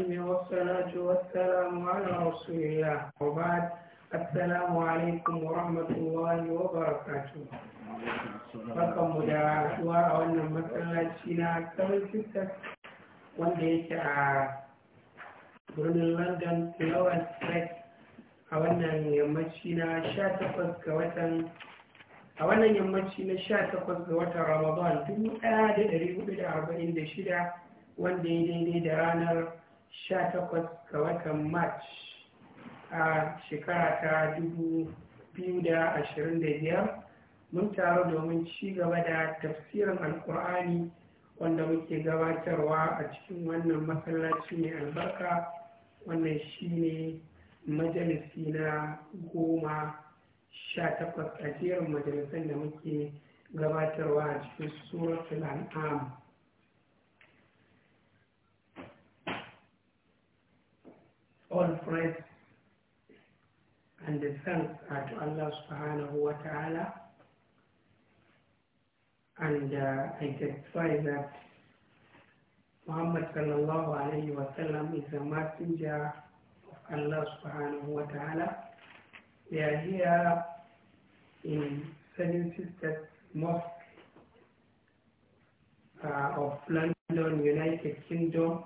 العظيم والصلاة والسلام على رسول الله وبعد السلام عليكم ورحمة الله وبركاته Barkan mu da haɗuwa a wannan masallaci na Seven Sisters wanda yake a birnin London Lower Street a wannan yammaci a wannan yammaci na 18 ga watan Ramadan 1446 wanda ya daidai da ranar 18 ga watan march a shekara ta 2025 mun taru domin ci gaba da tafsirin alkur'ani wanda muke gabatarwa a cikin wannan masallaci mai albarka wannan shine majalisi na goma sha takwas a jerin majalisan da muke gabatarwa a cikin suratul an'am all praise and thanks are to Allah subhanahu wa ta'ala and uh, I testify that Muhammad sallallahu alayhi wa sallam is a messenger of Allah subhanahu wa ta'ala. We are here in Seven Sisters Mosque uh, of London, United Kingdom.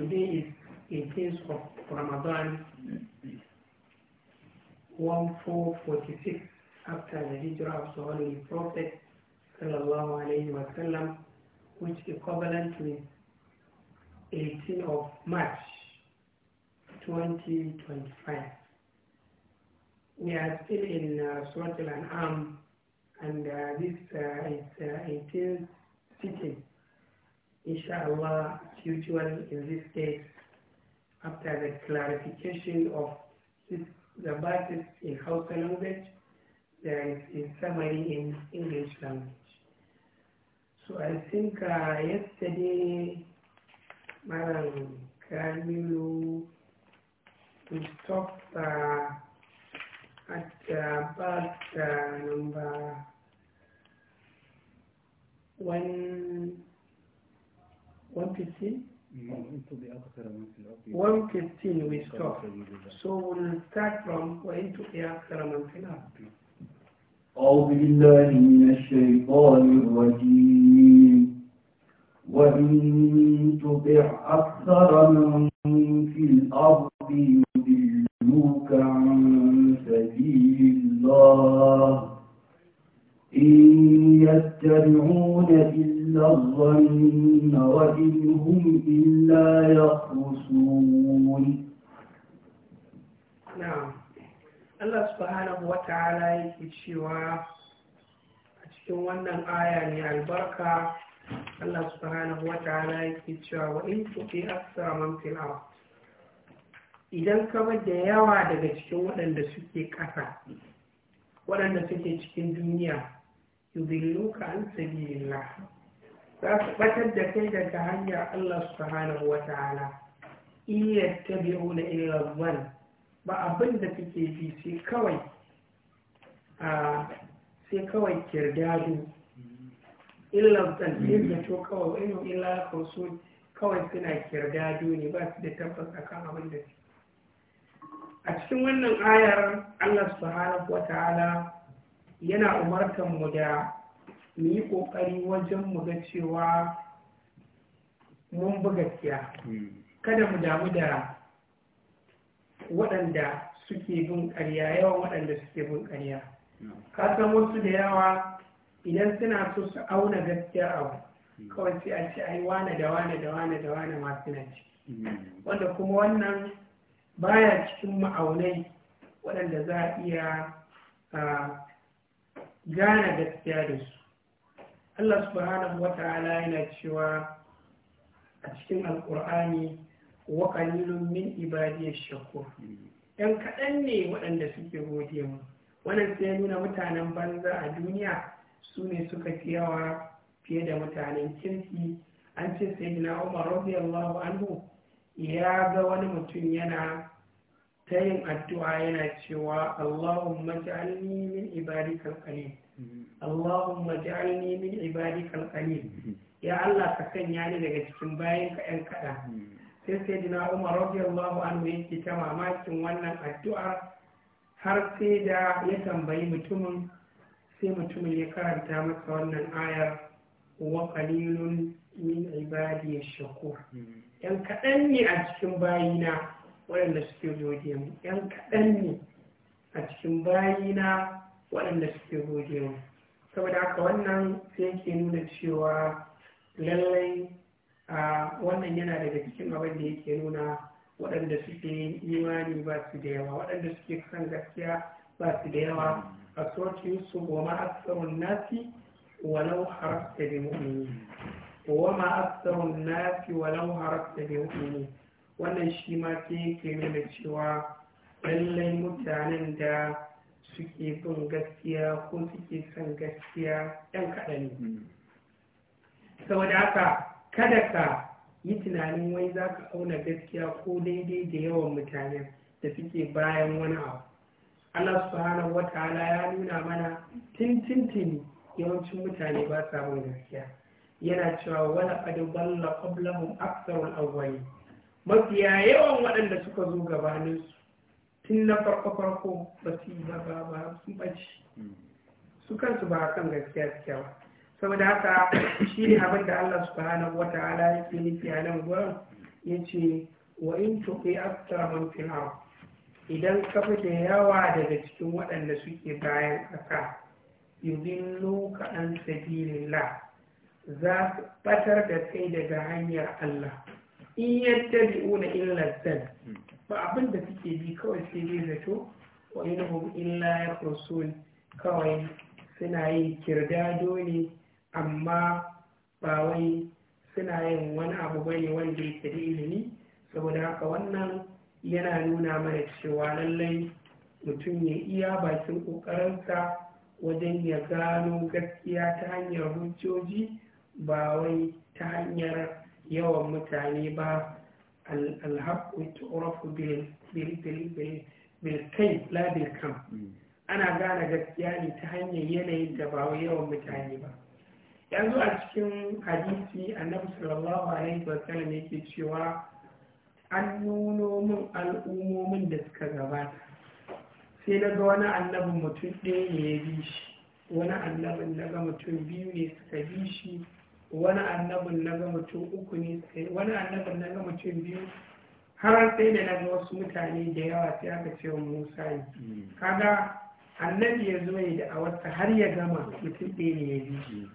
Today is in case of Ramadan 1446 after the hijrah of the Holy Prophet sallallahu alayhi which equivalent with 18 of March 2025. We are still in uh, Surah Al-An'am and uh, this uh, is uh, 18th sitting. Inshallah, future usual in this case, after the clarification of the verses in Hausa language, there is a summary in English language. So I think uh, yesterday, Madam Kamilu, we stopped uh, at uh, uh, number one, one fifteen. One thing we stop. So we'll start from وانتم بأكثر من في الأرض. أعوذ بالله من الشيطان الرجيم وإن تطع أكثر من في الأرض يضلوك عن سبيل الله إن يتبعون إلا الظن وإن هم إلا يخرسون نعم الله سبحانه وتعالى يكتشوا cikin wannan aya ne البركة الله سبحانه وتعالى ta'ala وإن cewa أكثر من في الأرض idan ka da yawa daga cikin waɗanda suke ƙasa waɗanda suke cikin duniya yudilluka an sabilillah za su batar da kai daga hanyar Allah subhanahu wa ta'ala iya tabi'una illa zan ba abin da kake bi sai kawai kirdadu. sai kawai sai da to kawai inu illa kawso kawai suna kirdadu ne ba su da tabbas akan abin da su a cikin wannan ayar Allah subhanahu wa ta'ala yana umartan mu da mu yi ƙoƙari wajen mu ga cewa mun buga gaskiya kada mu damu da waɗanda suke bin ƙarya yawan waɗanda suke bin ƙarya ka san wasu da yawa idan suna so su auna gaskiya abu kawai sai a ce ai wane da wane da wane da wane masu na ciki wanda kuma wannan baya cikin ma'aunai waɗanda za a iya ah, gane gaskiya da su Allah subhanahu wa ta'ala yana cewa a cikin alkur'ani wa qalilun min ibadiyash shakur yan kaɗan ne waɗanda suke gode mu wannan sai ya nuna mutanen banza a duniya su ne suka fi yawa fiye da mutanen kirki an ce sayyidina Umar radiyallahu anhu ya ga wani mutum yana ta yin addu'a yana cewa Allahumma ja'alni min ibadikal qalil Allahumma ja'alni min ibadika al-qalil ya Allah ka sanya ni daga cikin bayan ka ɗan kaɗan sai sai dina Umar radiyallahu anhu yake ta mamakin wannan addu'a har sai da ya tambayi mutumin sai mutumin ya karanta masa wannan ayar wa qalilun min ibadi shakur yan kaɗan ne a cikin bayina waɗanda suke gode mu yan kaɗan ne a cikin bayina waɗanda suke gogewa saboda haka wannan sai yake nuna cewa lallai a wannan yana daga cikin abin da yake nuna waɗanda suke imani ba su da yawa waɗanda suke kan gaskiya ba su da yawa a soci su goma a aksarun nasi walau da bi mu'mini wa ma aksarun nasi walau da bi mu'mini wannan shi ma sai yake nuna cewa lallai mutanen da suke bin gaskiya ko suke son gaskiya ɗan kaɗan ne hmm. saboda haka kada ka yi tunanin wai za ka auna gaskiya ko daidai da yawan mutane da suke bayan wani abu Allah subhanahu wataala ya nuna mana tintintini yawancin mutane ba sa bin gaskiya yana cewa wala qad dalla qablahum aktharul awwalin mafiya yawan waɗanda suka zo gabaninsu tun na farko farko ba su yi ba ba ba su su kansu ba kan gaskiya kyau Sau saboda haka shi ne abin da Allah subhanahu wa ta'ala yake nufi a nan gurin ce wa in tuqi akthara man fil idan ka yawa daga cikin waɗanda suke bayan ƙasa yudillu loka an la za su batar da kai daga hanyar Allah in yadda yattabi'una illa zan. ba abin da suke bi kawai sai dai zato wa inhum illa rasul kawai suna yin kirdado ne amma ba wai suna yin wani abu bane wanda yake da ilimi saboda haka wannan yana nuna mana cewa lallai mutum ya iya bakin ƙoƙarinsa wajen ya gano gaskiya ta hanyar hujjoji ba wai ta hanyar yawan mutane ba alhaƙu tu'rafu bil kai la kam ana gane gaskiya ne ta hanyar yanayin da ba wa yawan mutane ba yanzu a cikin hadisi annabi sallallahu alaihi wa sallam yake cewa an nuno min al'ummomin da suka gabata sai na ga wani annabin mutum ɗaya ne ya bi shi wani annabin na ga mutum biyu ne suka bi shi wani annabin na ga mutum uku ne wani annabin na ga mutum biyu har sai da na ga wasu mutane da yawa sai aka ce wa musa yi hmm. kaga annabi ya zo yi da a wata har ya gama mutum ɗaya ne ya bi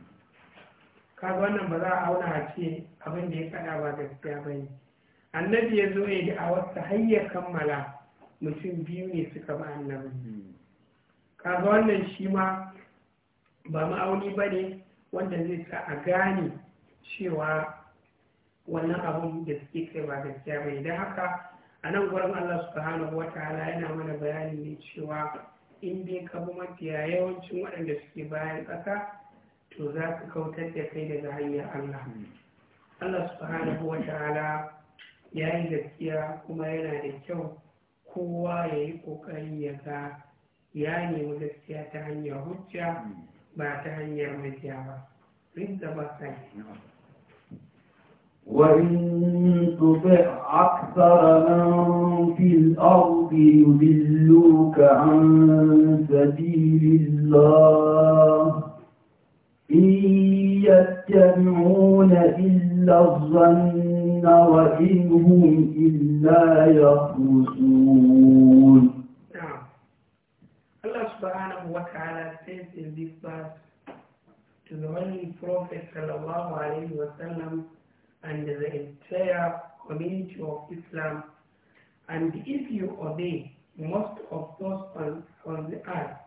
kaga wannan ba za a auna a ce abin da ya faɗa ba gaskiya ba ne annabi ya zo yi da a wata har ya kammala mutum biyu ne suka ba annabi hmm. kaga wannan shi ma ba ma'auni ba ne wanda zai sa a gane cewa wannan abun da suke kai ba gaskiya ba Da haka a nan gurin Allah subhanahu wa ta'ala yana mana bayani ne cewa in dai ka bi mafiya yawancin waɗanda suke bayan ƙasa to za su kautar da kai daga hanyar Allah Allah subhanahu wa ta'ala ya yi gaskiya kuma yana da kyau kowa ya yi ƙoƙari ya ga ya nemi gaskiya ta hanyar hujja وإن تطع أكثر من في الأرض يذلوك عن سبيل الله إن يتبعون إلا الظن وإن هم إلا يخرسون Allah subhanahu wa ta'ala says in this verse to the Holy Prophet sallallahu alayhi wa sallam and the entire community of Islam, and if you obey most of those on, on the earth,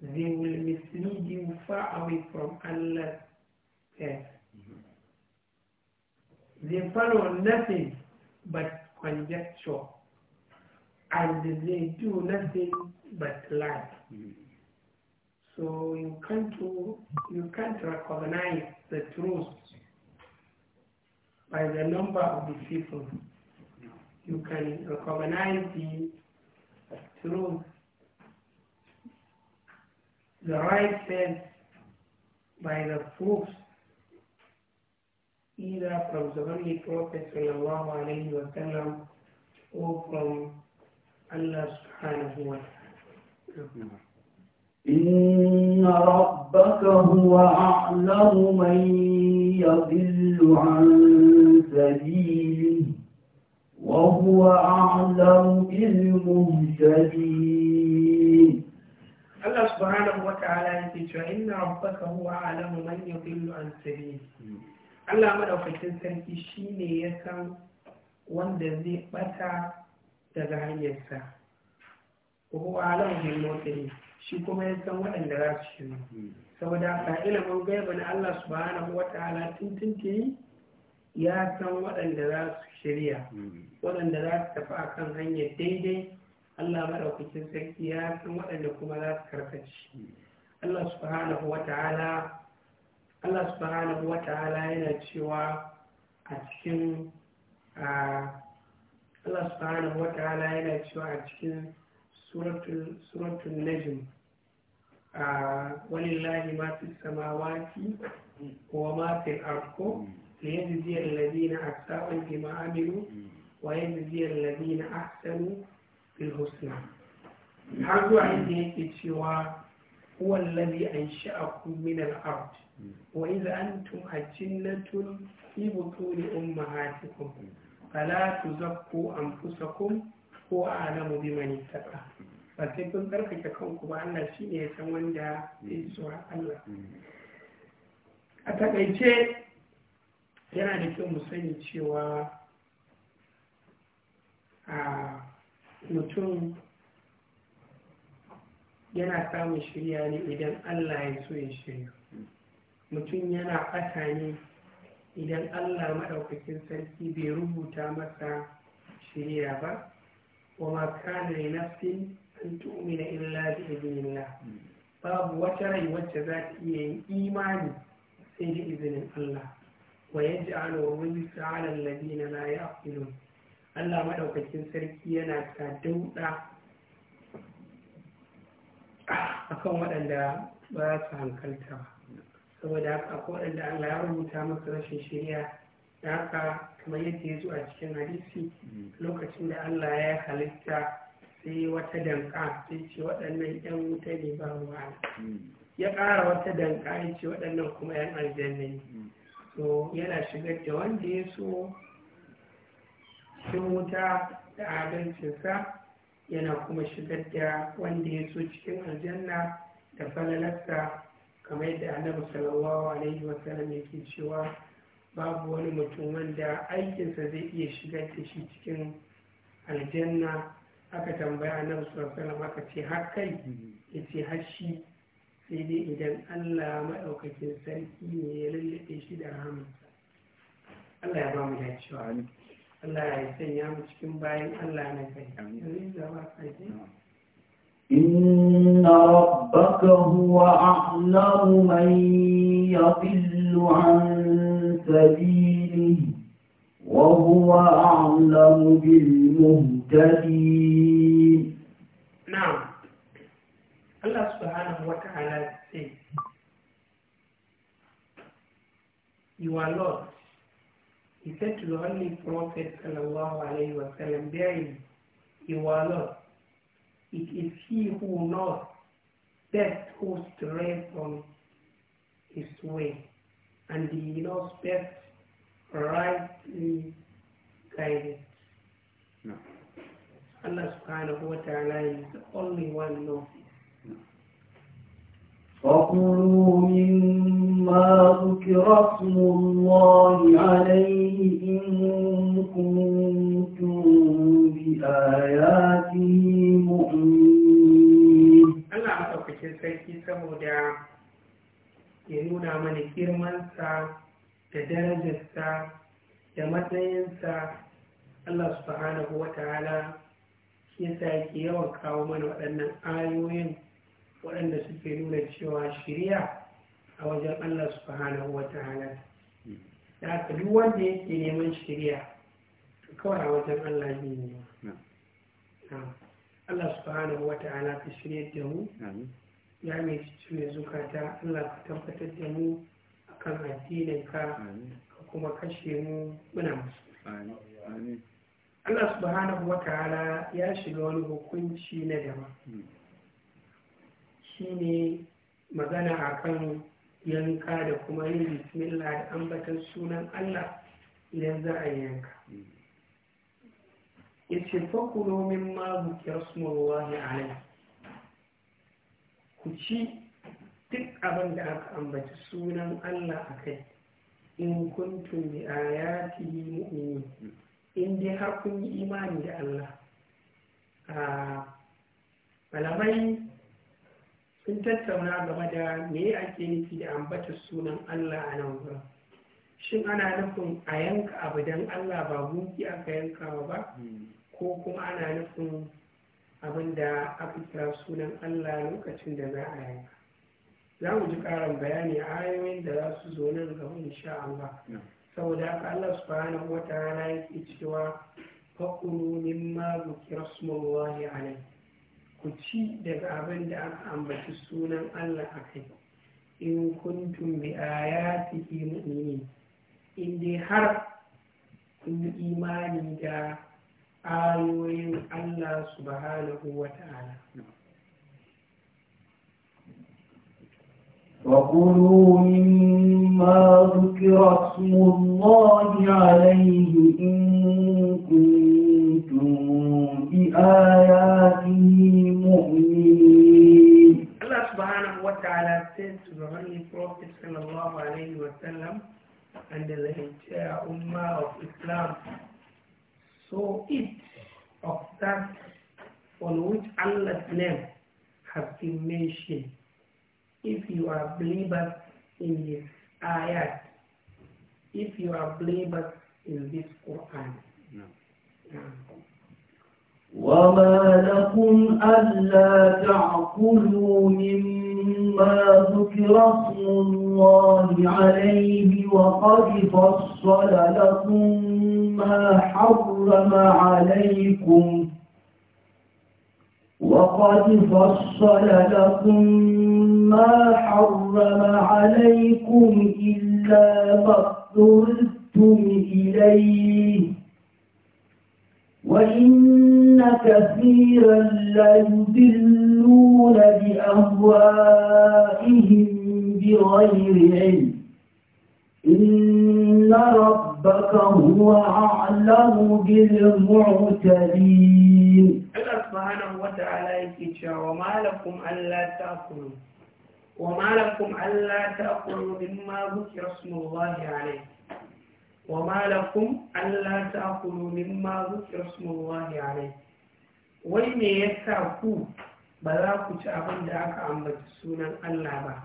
they will mislead you far away from Allah's path. Mm-hmm. They follow nothing but conjecture and they do nothing but lie. Mm. So you can't you can't recognize the truth by the number of the people. You can recognize the truth, the right sense by the proofs, either from the Holy Prophet sallallahu alaihi wasallam or from الله سبحانه وتعالى إن ربك هو أعلم من يضل عن سبيله وهو أعلم بالمهتدين الله سبحانه وتعالى يقول إن ربك هو أعلم من يضل عن سبيله الله ما لو فتن سنتي شيني يسان wanda zai bata daga hanyarsa ko alam bin motsi shi kuma ya san waɗanda za su shi saboda haka ilimin gaiba na Allah subhanahu wa ta'ala tuntunti ya san waɗanda za su shirya waɗanda za su tafi akan hanyar daidai Allah maɗaukakin sarki ya san waɗanda kuma za su karkaci Allah subhanahu wa ta'ala Allah subhanahu wa ta'ala yana cewa a cikin a Allah subhanahu ala yana cewa a cikin suratun najm a ah, lahi ma fi samawati wa ma fi mm. arko da yanzu ziyar ladina a tsawon bima mm. wa yanzu ziyar ladina ahsanu bil husna har zuwa inda yake cewa هو الذي أنشأكم من الأرض وإذا أنتم أجنة في بطون أمهاتكم fala tuzakku anfusakum ko a'lamu biman ittaqa ba sai kun tsarkake kanku ba Allah shine ya san wanda zai tsora Allah a takaice yana da kyau mu sani cewa a mutum yana samun shirya ne idan Allah ya so ya shirya mutum yana fata idan allah maɗaukakin sarki bai rubuta masa shirya ba wa makana ne nafsin an tu'mina illa bi na. babu wata rai wacce za ta iya yin imani sai da izinin allah wa yaj'alu wa wulisa na alladhina la ya'qilun Allah maɗaukakin sarki yana ta dauɗa a kan waɗanda ba su hankalta ba saboda haka ko waɗanda Allah ya rubuta masa rashin shari'a da haka kamar yadda ya zo a cikin hadisi lokacin da Allah ya halitta sai wata danka sai ce waɗannan 'yan wuta ne ba ruwa ya ƙara wata danka ya ce waɗannan kuma 'yan aljanna ne to yana shigar da wanda ya so cikin wuta da adalcinsa yana kuma shigar da wanda ya so cikin aljanna da falalarsa kamar yadda annabi sallallahu alaihi ya yake cewa babu wani mutum wanda aikinsa zai iya shigar da shi cikin aljanna aka tambaya annabi sallallahu alaihi aka ce har kai ya ce har shi sai dai idan allah maɗaukakin sarki ne ya lallaɓe shi da rahamansa allah ya ba mu dacewa Allah ya sanya mu cikin bayan Allah na kai. Amin. إن ربك هو أعلم من يضل عن سبيله وهو أعلم بالمهتدين نعم الله سبحانه وتعالى says You are Lord He said to the Holy Prophet sallallahu alayhi wa sallam You are Lord it is he who knows best who strays on his way, and he knows best rightly guided. No. Allah subhanahu wa ta'ala is the only one knows فقلوا مما ذكر اسم الله عليه إن كنتم بآياته مؤمنين أنا أعطوك شركتي سمودا ينونا من كرمان سا تدرج سا تدرجسا سا الله سبحانه وتعالى shi yasa yake yawan kawo آيوين waɗanda suke nuna cewa shirya a wajen Allah subhanahu wa ta'ala da aka duk wanda yake neman shirya kawai a wajen Allah yi ne Allah subhanahu wa ta'ala ka shirya da mu ya mai cikin zukata Allah ka tabbatar da mu akan addinin ka ka kuma kashe mu muna musu Allah subhanahu wa ta'ala ya shiga wani hukunci na dama. ne magana a kan yanka da kuma yin bismillah da ambatan sunan Allah idan za a yanka yace fakulu mimma ne a nan. ku ci duk abin da aka ambaci sunan Allah a kai in kuntum bi ayatihi mu'minin in dai har kun yi imani da Allah a ah, balamai. sun tattauna game da me ake nufi da ambata sunan Allah a nan wurin shin ana nufin a yanka abu don Allah ba gunki aka yankawa ba ko kuma ana nufin abin da aka kira sunan Allah lokacin da za a yanka za mu ji ƙarin bayani a ayoyin da za su zo nan gaba insha Allah saboda haka Allah subhanahu wa ta'ala yake cewa faqulu mimma zukira smullahi alayhi ku ci daga abin da aka ambaci sunan Allah a kai in kuntum bi ayatihi mu'minin in dai har kun yi imani da ayoyin Allah subhanahu wa ta'ala وكلوا مما ذكر اسم الله عليه إن كنتم Allah Subhanahu wa Taala سبحانه to the Holy Prophet Sallallahu الله عليه وسلم and the entire Ummah of Islam so eat of that on which Allah's name has been mentioned if you are believers in this ayat if you are believers in this Quran no. وما لكم ألا تعقلوا مما ذكر اسم الله عليه وقد فصل لكم ما حرم عليكم وقد فصل لكم ما حرم عليكم إلا ما اضطرتم إليه وإن كثيرا ليضلون بأهوائهم بغير علم إن ربك هو أعلم بالمعتدين الله سبحانه وتعالى وما لكم ألا تأكلوا وما لكم ألا تأكلوا مما ذكر اسم الله عليه وما لكم ألا تأكلوا مما ذكر اسم الله عليه wai me sa ku ba za ku ci abin da aka ambaci sunan Allah ba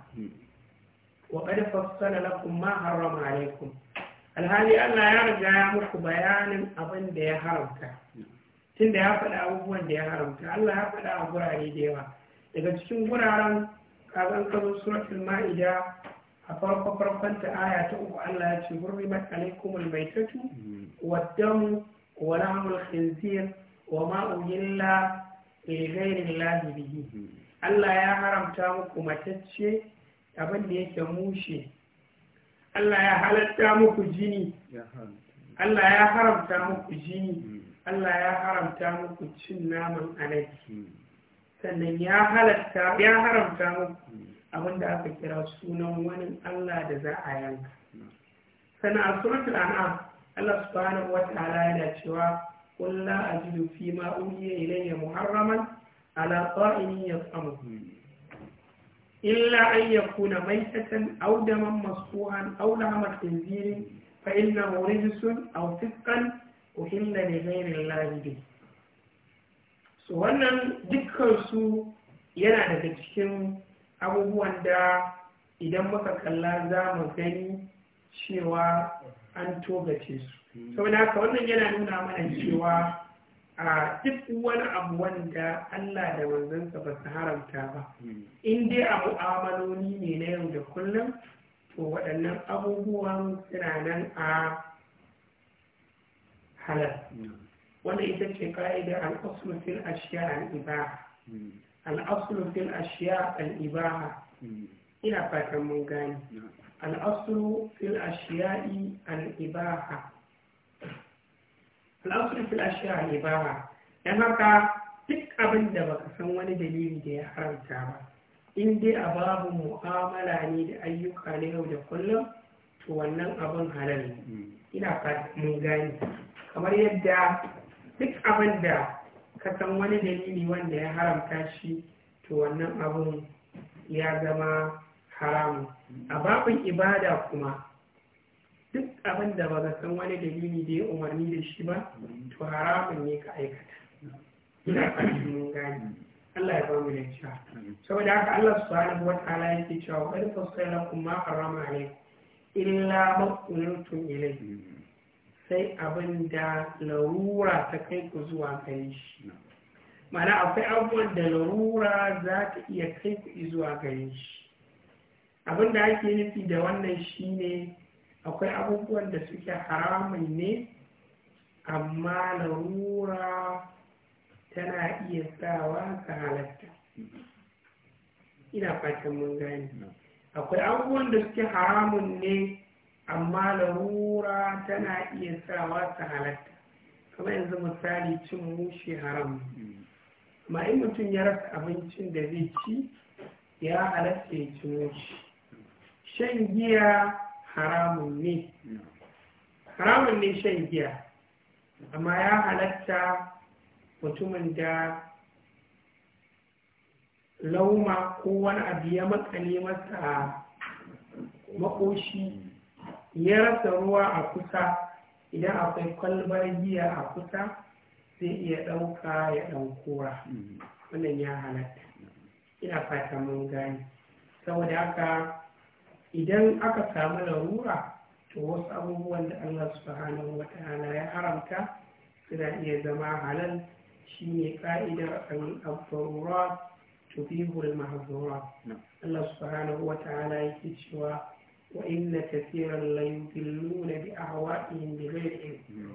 wa qad fassala lakum ma harrama alaykum alhali Allah ya riga ya muku bayanin abin da ya haramta tunda ya faɗa abubuwan da ya haramta Allah ya faɗa a gurare da yawa daga cikin guraren kazan kazo suratul ma'ida a farko farkon ta aya ta uku Allah ya ce hurrimat alaikum almaitatu waddamu wa lahmul khinzir wa ma uhilla li ghairi Allah ya haramta muku matacce abin da yake mushe Allah ya halatta muku jini Allah ya haramta muku jini Allah ya haramta muku cin naman alaji sannan ya halatta ya haramta muku abinda aka kira sunan wani Allah da za a yanka Sana'a a suratul an'am Allah subhanahu wataala yana cewa qul la ajidu fi ma uhiya ilayya muharraman ala ta'imin yas'amuhu illa an yakuna maytatan aw daman masfuhan aw lahma khinzirin fa innahu rijsun aw fisqan uhilla li ghayri Allah bihi so wannan dukkan su yana daga cikin abubuwan da idan muka kalla za mu gani cewa an togace su saboda haka wannan yana nuna mana cewa a duk wani abu wanda Allah da manzansa ba su haramta ba in dai abu amaloni ne na yau da kullum to waɗannan abubuwan suna nan a halar, hmm. wannan ita ce ka'idar al'usul fil ashiya al-ibaha hmm. al'asulu fil ashiya al'ibaha hmm. ina fatan mun gani al'asulu fil ashiya'i al'ibaha al'asulu fil ashiya al'ibaha don haka duk abin da baka san wani dalili da ya haramta ba in dai a babu mu'amala ne da ayyuka na yau da kullum to wannan abin halal hmm. ina fatan mun gani kamar yadda duk abin da kasan wani dalili wanda ya haramta shi to wannan abun ya zama haramu a babin ibada kuma duk abin da ba ka san wani dalili da ya umarni da shi ba to haramun ne ka aikata ina fahimci mun gani Allah ya bamu da cewa saboda haka Allah subhanahu wa ta'ala yake cewa qad fassala kum ma harrama alaykum illa ma kuntum ilayhi sai abin da larura ta kai ku zuwa gare shi mana akwai abubuwan da larura za ta iya kai ku zuwa gare shi abin da ake nufi da wannan shine akwai abubuwan da suke haramun ne amma larura tana iya sawa ta halatta ina fatan mun gani akwai abubuwan da suke haramun ne amma larura tana iya sawa ta halatta kamar yanzu misali cin mushi haram ma in mutum ya rasa abincin da zai ci ya halatta ya ci mushi shan giya haramun ne haramun ne shan giya amma ya halatta mutumin da lauma ko wani abu ya makale masa makoshi ya rasa ruwa a kusa idan akwai kwalbar giya a kusa zai iya ɗauka ya ɗaukura wannan ya halatta ina fata mun gani saboda haka idan aka samu larura to wasu abubuwan da allah subhanahu wa ya haramta suna iya zama halal shine ƙa'idar al-abdurat tubihul mahzura allah subhanahu wa ta'ala yake cewa وإن كثيرا ليضلون بأهوائهم بغير علم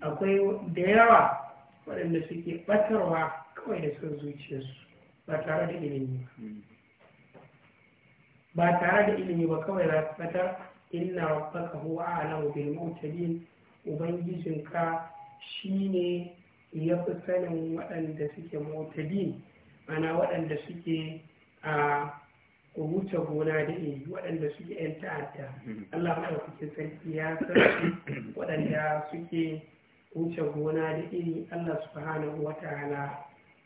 akwai da yawa waɗanda suke ɓatarwa kawai da son zuciyarsu ba tare da ilimi ba ba tare da ilimi ba kawai za su ɓatar inna rabbaka huwa a'lamu bil mu'tadin ubangijinka shine ya fi sanin waɗanda suke mu'tadin ana waɗanda suke a ku wuce gona da iri waɗanda suke 'yan ta'adda hmm. Allah maɗaukakin sarki ya sarki waɗanda suke wuce gona da iri Allah subhanahu wata hana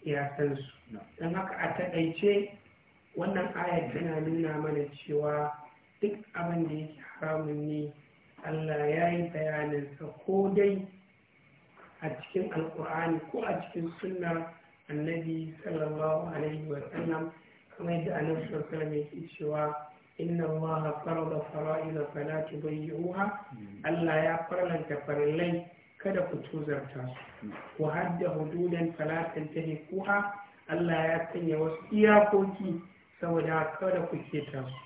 ya san su don haka a taƙaice wannan ayar tana nuna mana cewa duk abin da yake haramun ne Allah ya yi bayaninsa ko dai a cikin alƙur'ani ko a cikin sunna annabi sallallahu alaihi wa sallam kamar yadda annabi sallallahu alaihi wasallam cewa inna allaha farada fara'ila fala tubayyuha Allah ya farlanta farillai kada ku tuzarta su ku hadda hududan fala tantahikuha Allah ya sanya wasu iyakoki saboda kada ku keta su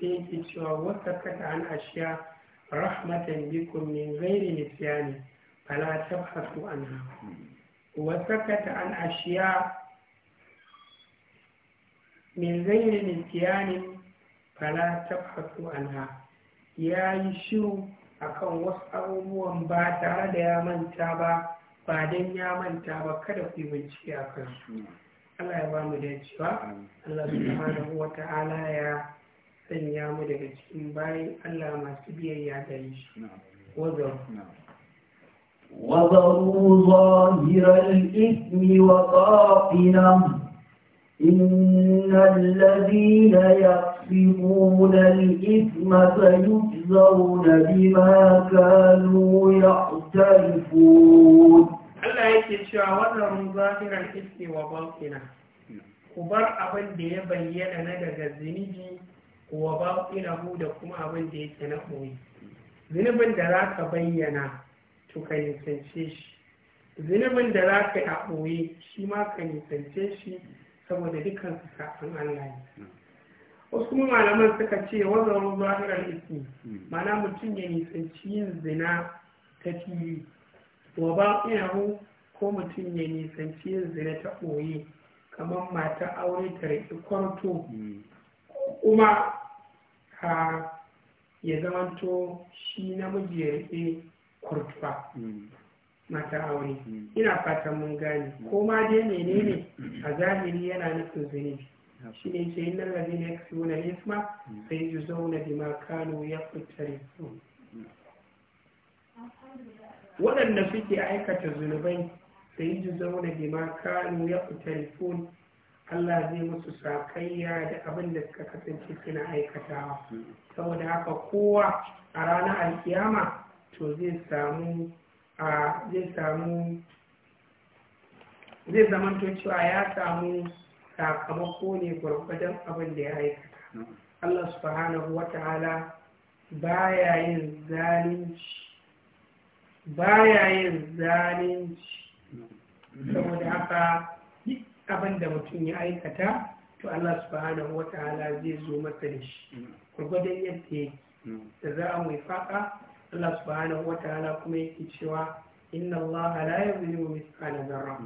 sai yake cewa wata kata an ashiya rahmatan bikum min ghairi nisyani fala tabhasu anha wata kata an ashiya min gairi nitiyanin fala tabhatu anha ya yi shiru akan wasu abubuwan ba tare da ya manta ba ba don ya manta ba kada ku yi bincike a kansu Allah ya bamu da da cewa Allah subhanahu wa ta'ala ya sanya mu daga cikin bayan Allah masu biyayya da shi وذروا ظاهر الإثم وباطنه إن الذين يكسبون الإثم سيجزون بما كانوا يعترفون Allah yake cewa wannan zahirar iske wa balkina ku bar abin da ya bayyana na daga zunubi wa balkina hu da kuma abin da yake na koyi zunubin da za ka bayyana to ka nisance shi zunubin da za ka yi a ɓoye shi ma ka nisance shi saboda dukkan su kafin Allah ne wasu kuma malaman suka ce wazan zahirar ismi mana mutum ya nisanci yin zina ta fili wa ba inahu ko mutum ya nisanci yin zina ta ɓoye kamar mata aure ta raƙi kwarto kuma ya zamanto shi namiji ya riƙe kwartuwa. mata aure hmm. ina fatan mun gane hmm. ko ma dai menene a zahiri yana nufin zunubi hmm. shi ne ce inna lazina yaksibuna isma sai yuzawna bima kanu yaqtarifun waɗanda suke aikata zunubai sai yuzawna bima kanu yaqtarifun Allah zai musu sakayya da abin da suka kasance suna aikatawa saboda haka kowa a ranar alkiyama to zai samu a zai samu zai zama cewa ya samu sakamako ne gwargwadon abin da ya aikata Allah subhanahu wa ta'ala baya yin zalunci yin zalunci saboda haka abin da mutum ya aikata to Allah subhanahu wa ta'ala zai zo masa da shi gwargwadon yadda yake da za a mai faɗa Allah subhanahu wa ta'ala kuma yake cewa inna Allah la yuzlimu mithqala dharra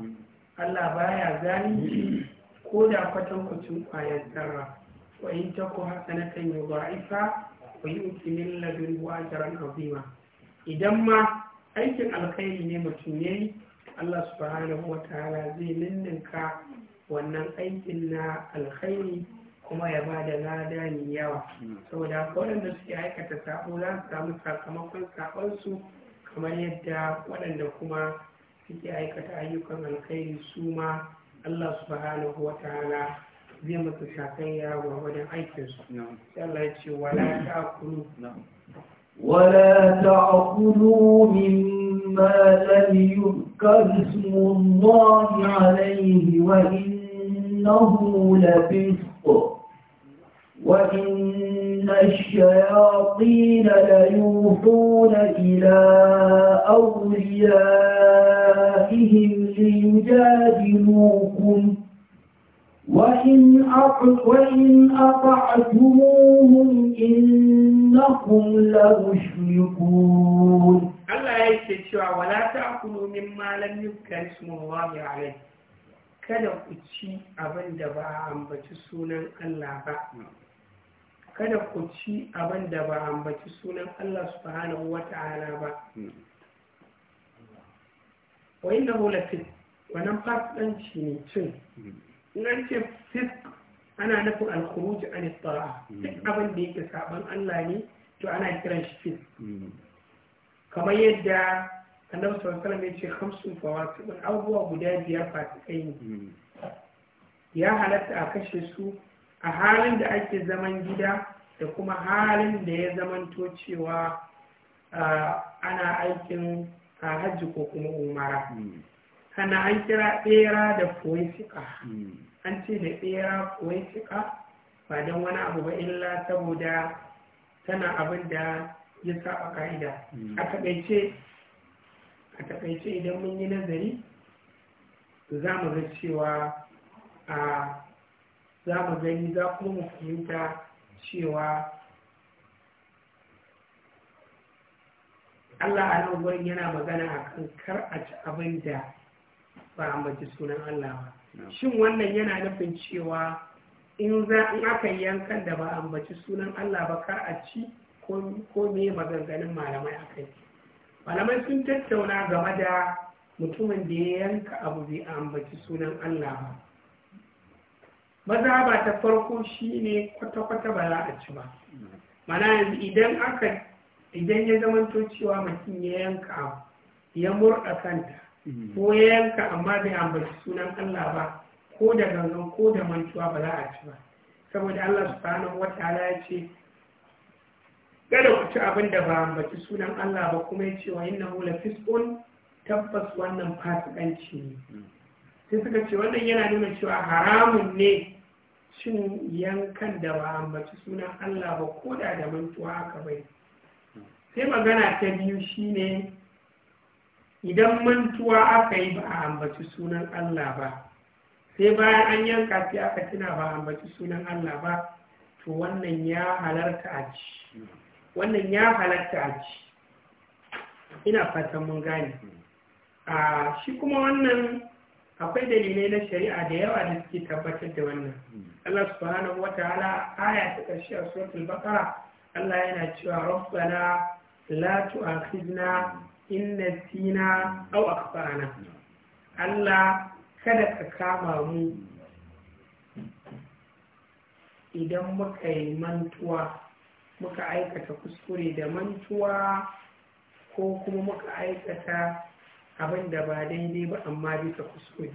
Allah baya zalunci ko da kwatankwacin kwayar zarra wa in taku hasanatan yudha'ifa wa yu'ti min ladunhu ajran azima idan ma aikin alkhairi ne mutum yayi Allah subhanahu wa ta'ala zai ninninka wannan aikin na alkhairi kuma ya ba da lada mai yawa saboda waɗanda suke aikata sabo za su samu sakamakon sabonsu kamar yadda waɗanda kuma suke aikata ayyukan alkhairi su ma Allah subhanahu wa ta'ala zai musu sakayya wajen aikinsu Allah ya ce wala ta ta'kulu ولا تعقلوا مما لم يذكر اسم الله عليه وإنه لفسق وإن الشياطين ليوحون إلى أوليائهم ليجادلوكم وإن, أطعتموهم إنكم لمشركون الله يستشعر ولا تأكلوا مما لم يذكر اسم الله عليه kada أتشي أبن دبا da ba a ambaci kada ku ci abin da ba ambaci sunan Allah subhanahu wa ta'ala ba wa inna hu lafi wannan fasikanci ne cin in an ce fisk ana nufin alkhuruj an istara duk abin da yake saban Allah ne to ana kiran shi fit kamar yadda annabi sallallahu alaihi wasallam ya ce khamsun fawasidun abubuwa guda biyar fasikai ne ya halatta a kashe su a halin da ake zaman gida da kuma halin da ya zamanto cewa ana aikin hajji ko kuma umara Kana hmm. an kira ɓera da foisika hmm. an ce da ɓera foisika ba don wani abu ba illa saboda tana abin da ya saba ka'ida hmm. a taƙaice idan mun yi nazari za mu ga cewa a za mu gani za kuma mu fahimta cewa Allah a nan yana magana a kan kar a ci abin da ba a mace sunan Allah ba. Shin wannan yana nufin cewa in za in aka yankan da ba a ambaci sunan Allah ba kar a ci ko me maganganun malamai a kai? Malamai sun tattauna game da mutumin da ya yanka abu bai ambaci sunan Allah ba. mazaba ta farko shine kwata-kwata ba za a ci ba mana yanzu idan aka idan ya zamanto cewa mutum ya yanka ya murɗa kanta ko ya yanka amma bai ambaci sunan Allah ba ko da gangan ko da mantuwa ba za a ci ba saboda Allah wata ala ya ce kada ku ci abin da ba ambaci sunan Allah ba kuma ya ce wa na hula fisbon tabbas wannan fasikanci ne sai suka ce wannan yana nuna cewa haramun ne cin yankan da ba ambaci sunan Allah ba ko da da mantuwa haka bai sai magana ta biyu shine idan mantuwa aka yi ba a ambaci sunan Allah ba sai bayan an yanka sai aka tuna ba a ambaci sunan Allah ba to wannan ya halarta a ci wannan ya halarta a ci ina fatan mun gane a shi kuma wannan akwai dalilai na shari'a da yawa da suke tabbatar da wannan Allah subhanahu wa ta'ala aya ta ƙarshe a suratul baqara Allah yana cewa rabbana la tu'akhidna in nasina aw akhtana Allah kada ka kama mu idan muka yi mantuwa muka aikata kuskure da mantuwa ko kuma muka aikata abin da ba daidai ba amma bisa kuskure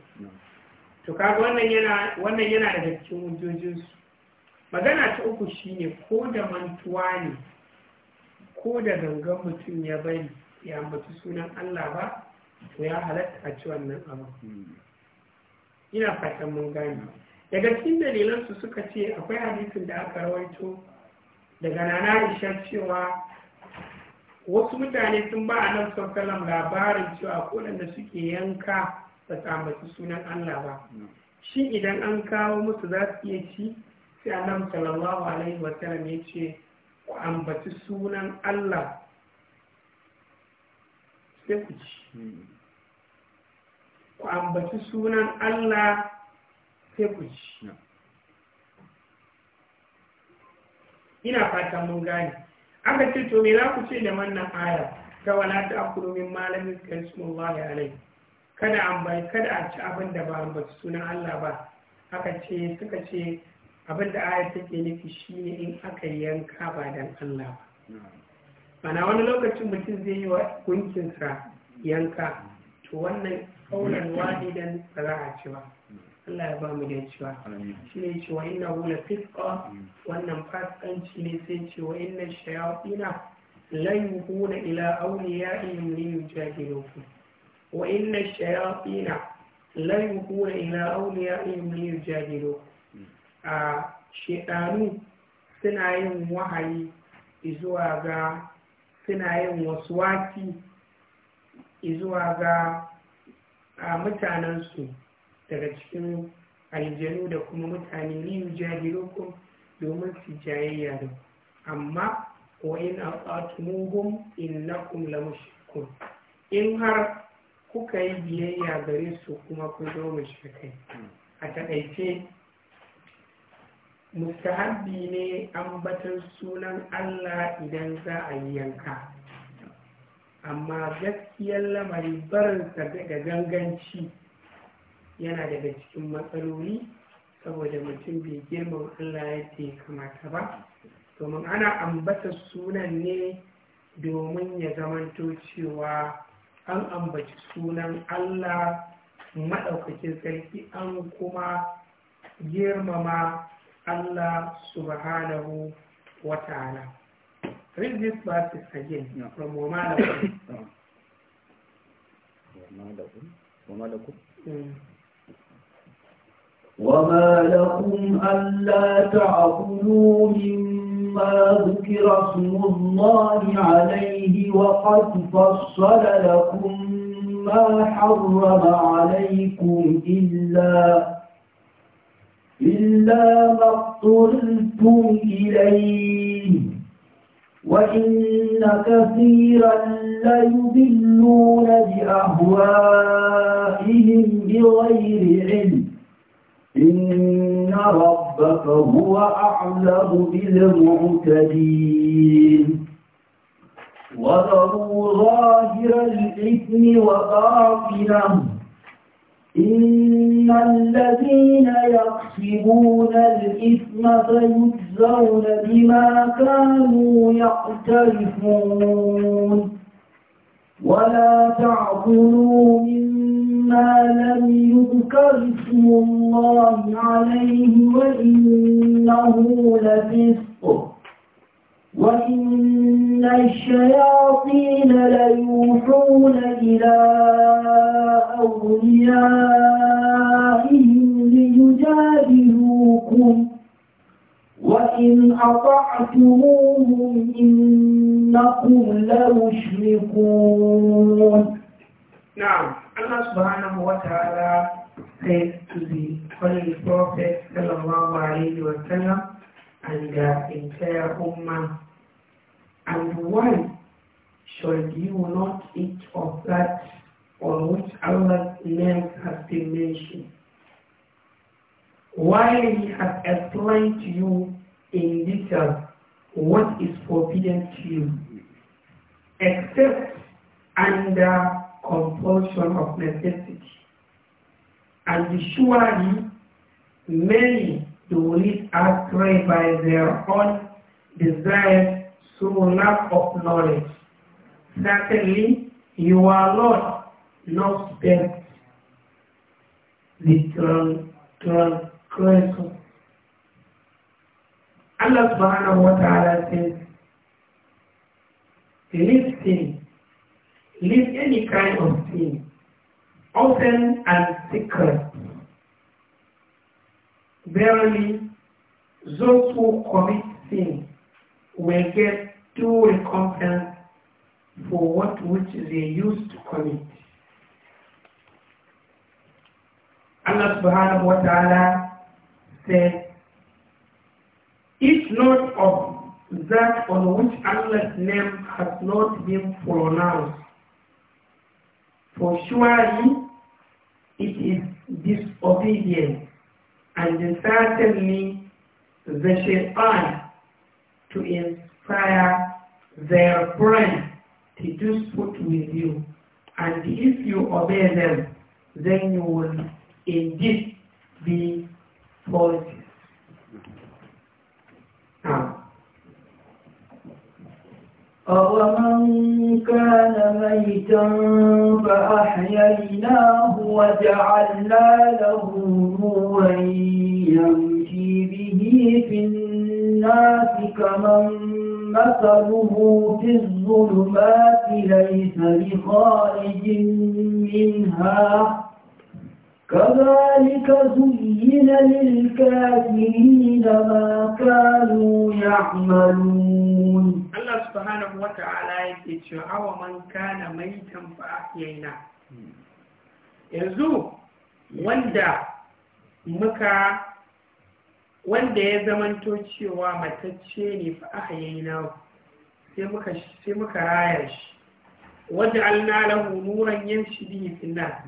to kaga wannan yana wannan yana daga cikin su magana ta uku shine ko da mantuwa ne ko da gangan mutum ya bari ya mutu sunan Allah ba to ya halatta a ci wannan abu hmm. ina fatan mun gane daga cikin dalilansu suka ce akwai hadisin da aka rawaito daga nana ishar cewa wasu mutane sun ba a annabi sallallahu labarin cewa da suke yanka ba ambaci sunan Allah ba shi idan an kawo musu za su iya ci sai annabi sallallahu alaihi wa sallam ya ce ku ambaci sunan Allah sai ku ci ku ambaci sunan Allah sai ku ci ina fatan mun gane aka ce to me za ku ce da wannan aya ta wala ta akulu min malamin kansumullahi alai kada an bai kada a ci abin da ba su sunan Allah ba aka ce suka ce abin da aya take nufi ne in aka yanka ba dan Allah ba mana wani lokacin mutum zai yi wa gunkinsa yanka to wannan kaulan wahidan ba za a ci ba Allah ya ba mu da cewa shi ne cewa inna hula fiska mm. wannan fasikanci ne sai cewa inna shayafina la yuhuna ila awliyaihim li yujadilukum wa inna shayafina la yuhuna ila awliyaihim li yujadilukum mm. a shedanu suna yin wahayi zuwa ga suna yin waswaki zuwa ga mutanensu daga cikin aljanu da kuma mutane ne yujadilukum domin su jayayya da amma wa in atumuhum innakum lamushrikun in har kuka yi biyayya gare su kuma ku zo mushrikai a takaice mustahabbi ne an batar sunan Allah idan za a yi yanka amma gaskiyar lamari barinsa daga ganganci yana daga cikin matsaloli saboda mutum bai girma Allah yadda ya kamata ba domin ana ambata sunan ne domin ya zamanto cewa an ambaci sunan Allah maɗaukakin sarki an kuma girmama Allah subhanahu wa ta'ala. Read this verse again from Wama Lakum. Wama da وما لكم ألا تعقلوا مما ذكر اسم الله عليه وقد فصل لكم ما حرم عليكم إلا إلا ما اضطرتم إليه وإن كثيرا ليضلون بأهوائهم بغير علم إن ربك هو أعلم بالمعتدين وذروا ظاهر الإثم وباطنه إن الذين يكسبون الإثم سيجزون بما كانوا يقترفون ولا تعبدوا من you except under compulsion of necessity. And surely many do lead astray by their own desires through lack of knowledge. Certainly, you are Lord, not spent the transgressor. Allah subhanahu wa ta'ala says, leave sin, leave any kind of sin, open and secret. Verily, those who commit sin will get due recompense for what which they used to commit. Allah subhanahu wa ta'ala says, "It's not of that on which Allah's name has not been pronounced. For surely it is disobedience, and certainly the shaitan to inspire their friends to dispute with you. And if you obey them, then you will indeed be faulty. أَوَمَنْ كَانَ مَيْتًا فَأَحْيَيْنَاهُ وَجَعَلْنَا لَهُ نُورًا يَمْشِي بِهِ فِي النَّاسِ كَمَنْ مَثَلُهُ فِي الظُّلُمَاتِ لَيْسَ بِخَارِجٍ مِنْهَا كذلك زين للكافرين ما كانوا يعملون الله سبحانه وتعالى يتشعى ومن كان ميتا فأحيينا yanzu wanda muka wanda ya zamanto cewa matacce ne fa aka yi sai muka raya shi wadda alna na nuran yan shi bihi finna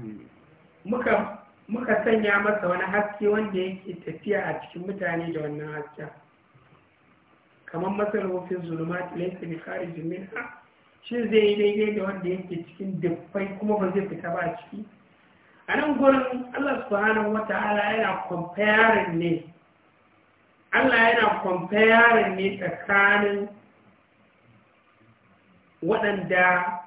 muka sanya masa wani haske wanda yake tafiya a cikin mutane da wannan hasken kamar masarufin zulumat da bi jimin ha shi zai yi daidai da wanda yake cikin dubbai kuma ba zai fita ba ciki a nan gurin Allah subhanahu yana comparing ne Allah yana comparing ne tsakanin waɗanda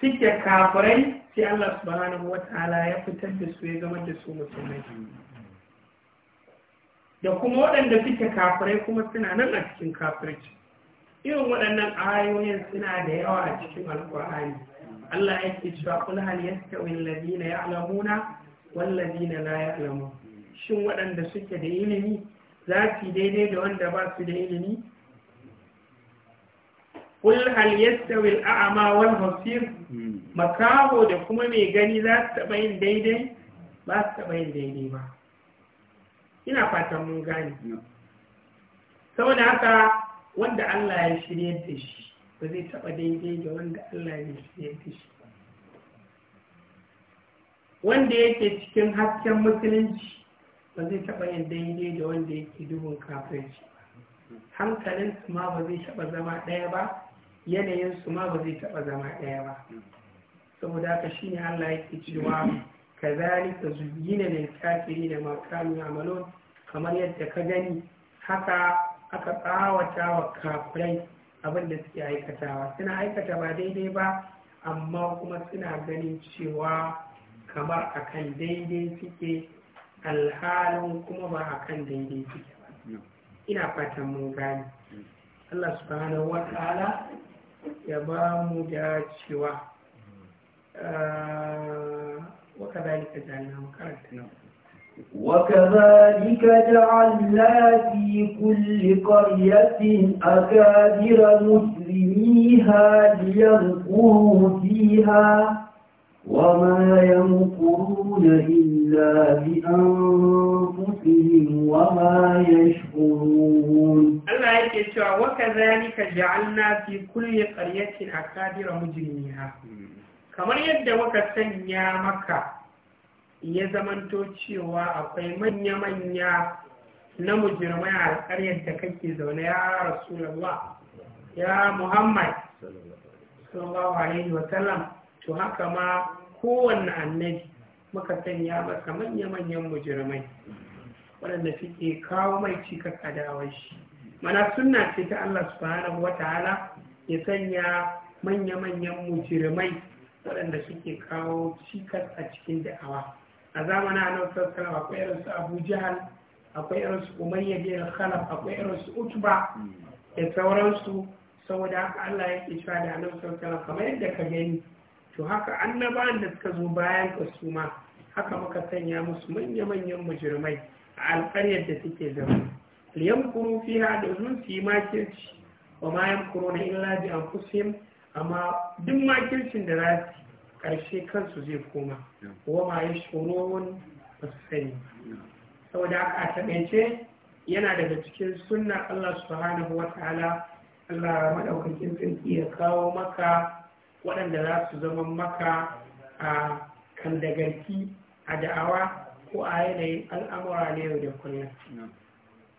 suke kafirai sai Allah subhanahu wa ta'ala ya fitar da su ya zama da su musulmai da kuma waɗanda suke kafirai kuma suna nan a cikin kafirci irin waɗannan ayoyin suna da yawa a cikin alkur'ani Allah yake cewa kul hal yastawi alladhina ya'lamuna wal ladina la ya'lamun shin waɗanda suke da ilimi za su daidai da wanda ba su da ilimi kul hal yastawi al a'ma wal basir makaho da kuma mai gani za su taɓa yin daidai ba su taɓa yin daidai ba ina fatan mun gane saboda haka wanda Allah ya shirye da shi ba zai taɓa daidai da wanda Allah ya shirye da shi wanda yake cikin hasken musulunci ba zai taɓa yin daidai da wanda yake duhun kafirci hankalinsu ma ba zai taɓa zama ɗaya ba yanayinsu ma ba zai taɓa zama ɗaya ba saboda haka shine Allah ya ce cewa ka ka zubi ne mai kafiri da makamu kanu malon kamar yadda ka gani haka aka tsawata wa kafirai abinda suke aikatawa suna aikata ba daidai ba amma kuma suna ganin cewa kamar akan daidai suke alhalin kuma ba kan daidai suke ba ina fatan mun gani mm. Allah subhanahu wa ta'ala ya ba mu dacewa آه، وكذلك جعلناهم كرة نعم. وكذلك جعلنا في كل قرية أكابر مسلميها ليمكروا فيها وما يمكرون إلا بأنفسهم وما يشكرون الآية يكتب وكذلك جعلنا في كل قرية أكابر مجرميها kamar yadda muka sanya maka ya zamanto cewa akwai manya-manya na mujirmai a alƙaryar da kake zaune ya rasulallah ya muhammad sallallahu alaihi wasallam to haka ma kowanne annabi muka sanya masa manya-manyan mujirmai waɗanda suke kawo mai cika a shi mana suna ce ta allah subhanahu wa ta'ala ya sanya manya-manyan mujirmai waɗanda suke kawo cikas a cikin da'awa a zamanin annabi sallallahu akwai irin su Abu jihar akwai irin su Umayya bin Khalaf akwai irin su Utba da sauransu saboda haka Allah ya cewa da annabi sallallahu kamar yadda ka gani to haka annabawan da suka zo bayan ka su haka muka sanya musu manya-manyan mujirmai a alƙaryar da suke zama liyan kuru fiha da zun su yi makirci wa ma kurona kuru na illa bi an kusim amma duk makircin da za su ƙarshe kansu zai koma wa ma yi shuruhun ba su sani saboda aka taɓaice yana daga cikin sunna Allah subhanahu wa ta'ala Allah maɗaukacin tsinki ya kawo maka waɗanda za su zama maka a kan dagarki, a da'awa ko a yanayin al'amura na yau da kullum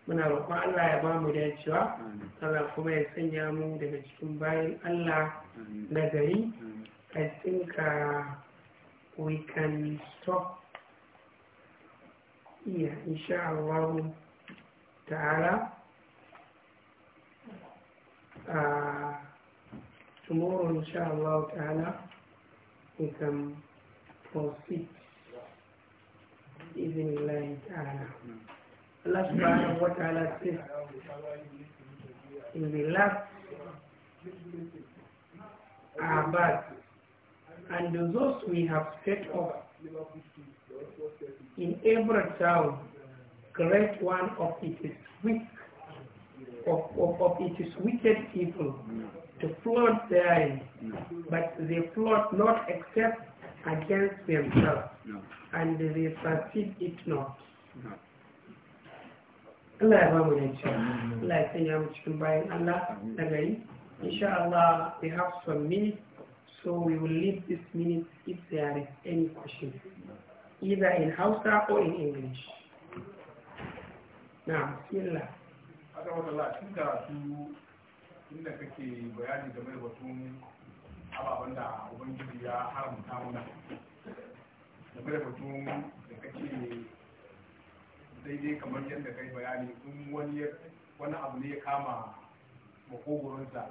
muna roƙon Allah ya ba mu dacewa Allah kuma ya sanya mu daga cikin bayan Allah na gari I think uh, we can stop here Allah ta'ala uh, tomorrow Allah ta'ala we can proceed بإذن الله تعالى Allah subhanahu wa ta'ala says in the last are and those we have set up in every town great one of it is weak of, of, of it is wicked people to flood therein, but they flood not except against themselves, and they perceive it not. No. Allah ya ba mu dace Allah ya sanya mu cikin bayan Allah na gari insha Allah we have some minutes so we will leave this minute if there is any question either in Hausa or in English Now, bismillah haka wata Allah cikin karatu inda kake bayani game da batun ababen da ubangiji ya haramta mana game da batun da kake daidai kamar yadda kai bayani in wani wani abu ne ya kama makogoronsa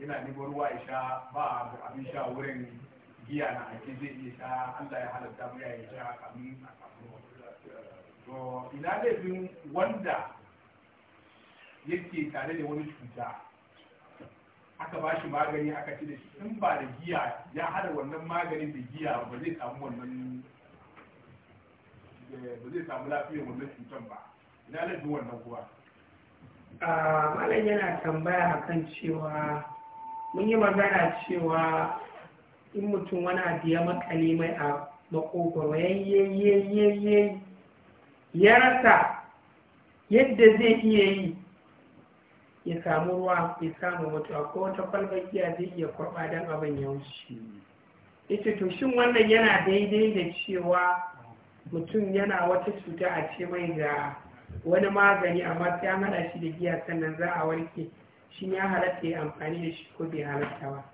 yana nemo ruwa ya sha ba abin sha wurin giya na ake zai iya sha Allah ya halatta mu ya sha kamin a kafin to ina laifin wanda yake tare da wani cuta aka ba shi magani aka ci da shi in ba da giya ya hada wannan maganin da giya ba zai samu wannan Eh, ba zai samu wannan cutar ba ina wannan kuwa ah, malam yana tambaya akan cewa mun yi magana cewa in mutum wani abu ya makale mai a makogoro yayyayyayi ya rasa yadda zai iya yi ya samu ruwa ya samu mutu akwai wata kwalbar giya zai iya kwarba don abin ya wuce hmm. ita to shin wannan yana daidai da cewa mutum yana wata cuta a ce mai ga wani magani amma sai an shi da giya sannan za a warke shi ya halatta ya amfani da shi ko bai halatta ba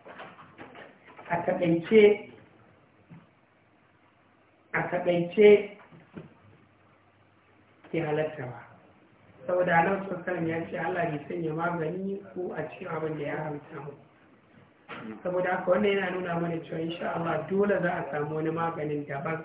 a taƙaice a halatta ba saboda nan sanin ya ce allah ne sanya magani ko a cikin abin da ya halatta mu saboda haka wannan yana nuna mana cewa insha allah dole za a samu wani maganin daban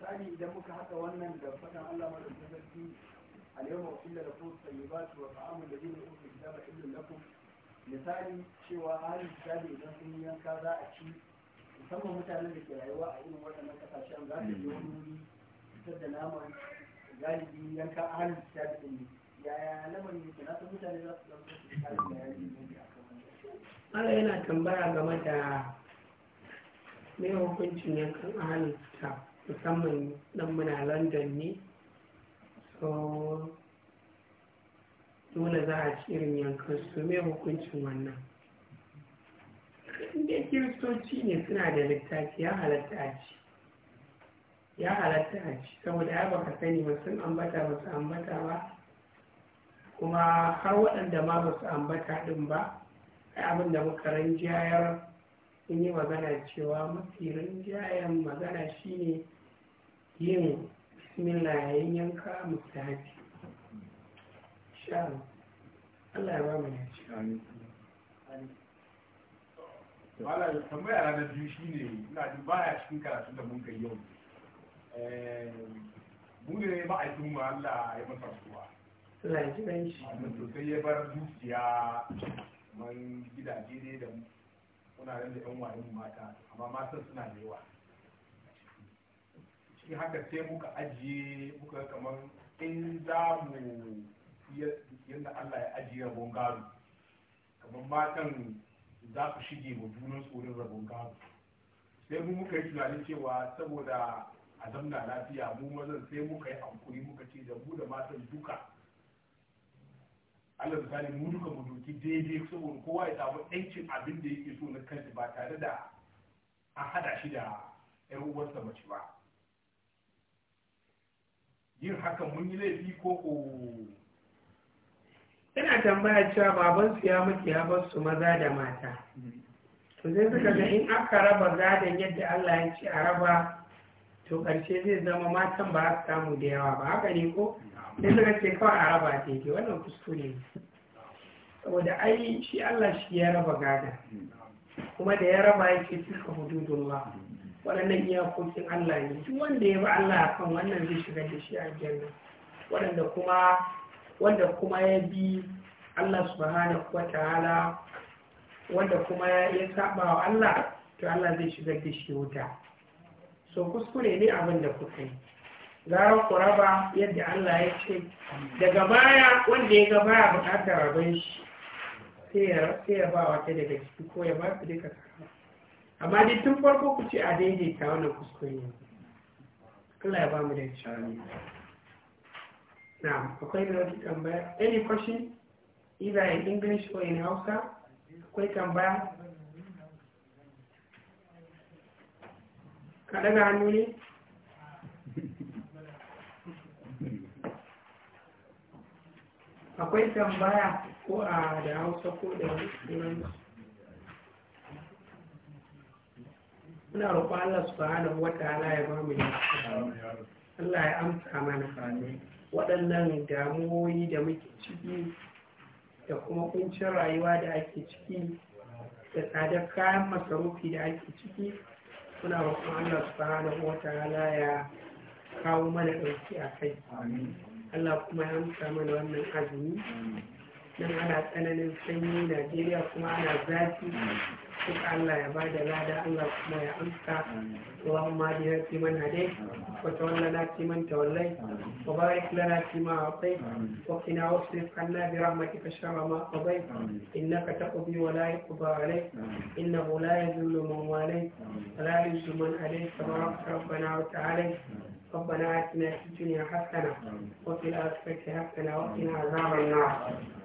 misali idan muka haka wannan da fatan Allah ma da sarki al-yawma uhilla da at-tayyibatu wa ta'amul ladina utul kitaba illa lakum misali cewa hali misali idan sun yanka za a ci musamman mutanen da ke rayuwa a irin waɗannan kasashen za su yi wani wuri fitar da naman galibi yanka a hali misali ɗin ne yaya lamarin yake na san mutane za su zama su kare da yaji ne a kan Allah yana tambaya game da me hukuncin yankan ahalin kitab musamman dan muna london ne so dole za a ci irin yankan su mai hukuncin wannan inda kiristoci ne suna da littafi ya halatta a ci ya halatta a ci saboda ya baka sani ba sun ambata ba su ambata ba kuma har waɗanda ma ba su ambata ɗin ba ai abin da muka ranjayar sun yi magana cewa mafi jayar magana shine yin bismillah yayin yanka mustahabi sha Allah ya ba mu ya ci amin wala tambaya ranar biyu shi shine ina ji ya cikin karatu da mun kai yau eh, Mu ne ba a yi mu Allah ya masa suwa Allah ji ban shi to sai ya bar dukiya man gidaje ne da kuna da yan wayan mata amma matan suna da yawa shi haka sai muka ajiye muka kamar in za mu yadda Allah ya ajiye rabon gado kamar matan za su shige mu junan tsorin rabon gado sai mu muka yi tunanin cewa saboda a zamna lafiya mu mazan sai muka yi hankuri muka ce da mu da matan duka Allah misali mu duka mu doki daidai saboda kowa ya samu ɗancin abin da yake so na kansa ba tare da an hada shi da 'yan uwarsa mace ba yin hakan mun yi laifi ko ko ina tambaya cewa baban su ya maki ya bar su maza da mata to zai suka ga in aka raba gadon yadda Allah ya ce a raba to ƙarshe zai zama matan ba a samu da yawa ba haka ne ko sai suka ce kawai a raba yake, wannan kuskure ne saboda ai shi Allah shi ya raba gada kuma da ya raba yake tilka hududullah waɗannan iyakokin Allah ne duk wanda ya ba Allah kan wannan zai shiga da shi aljanna waɗanda kuma wanda kuma ya bi Allah subhanahu wa ta'ala wanda kuma ya saba wa Allah to Allah zai shiga da shi wuta so kuskure ne abin da kuka yi gara ku raba yadda Allah ya ce daga baya wanda ya ga baya bukatar rabon shi sai ya ba wata daga ciki ko ya ba su duka amma dai tun farko ku ce a daidaita wannan kuskure ne Allah ya ba mu da shawari na akwai da wani tambaya any question either in English or in Hausa akwai tambaya ka daga hannu ne akwai tambaya ko a da Hausa ko da wani ina roƙon Allah subhanahu wataala ya ba mu Allah ya amsa mana waɗannan damuwoyi da muke ciki da kuma kuncin rayuwa da ake ciki da tsadar kayan masarufi da ake ciki suna roƙon Allah subhanahu wataala ya kawo mana ɗauki a kai Allah kuma ya amsa mana wannan azumi nan ana tsananin sanyi Najeriya kuma ana zafi sun Allah ya ba da lada Allah kuma ya amsa wa ma da ya fi ko ta wanda na fi ta wallai ko ba ya kula na fi ko kina wasu ne kan ma kika shara ma a bai in na ka taɓa bi wala ya ku ba wale in na wala ya zulu man wale wala ya man hade ka ba ka na wata hade ka na ya na fi tuni a haskana ko fi la a haskana wa kina a zama na.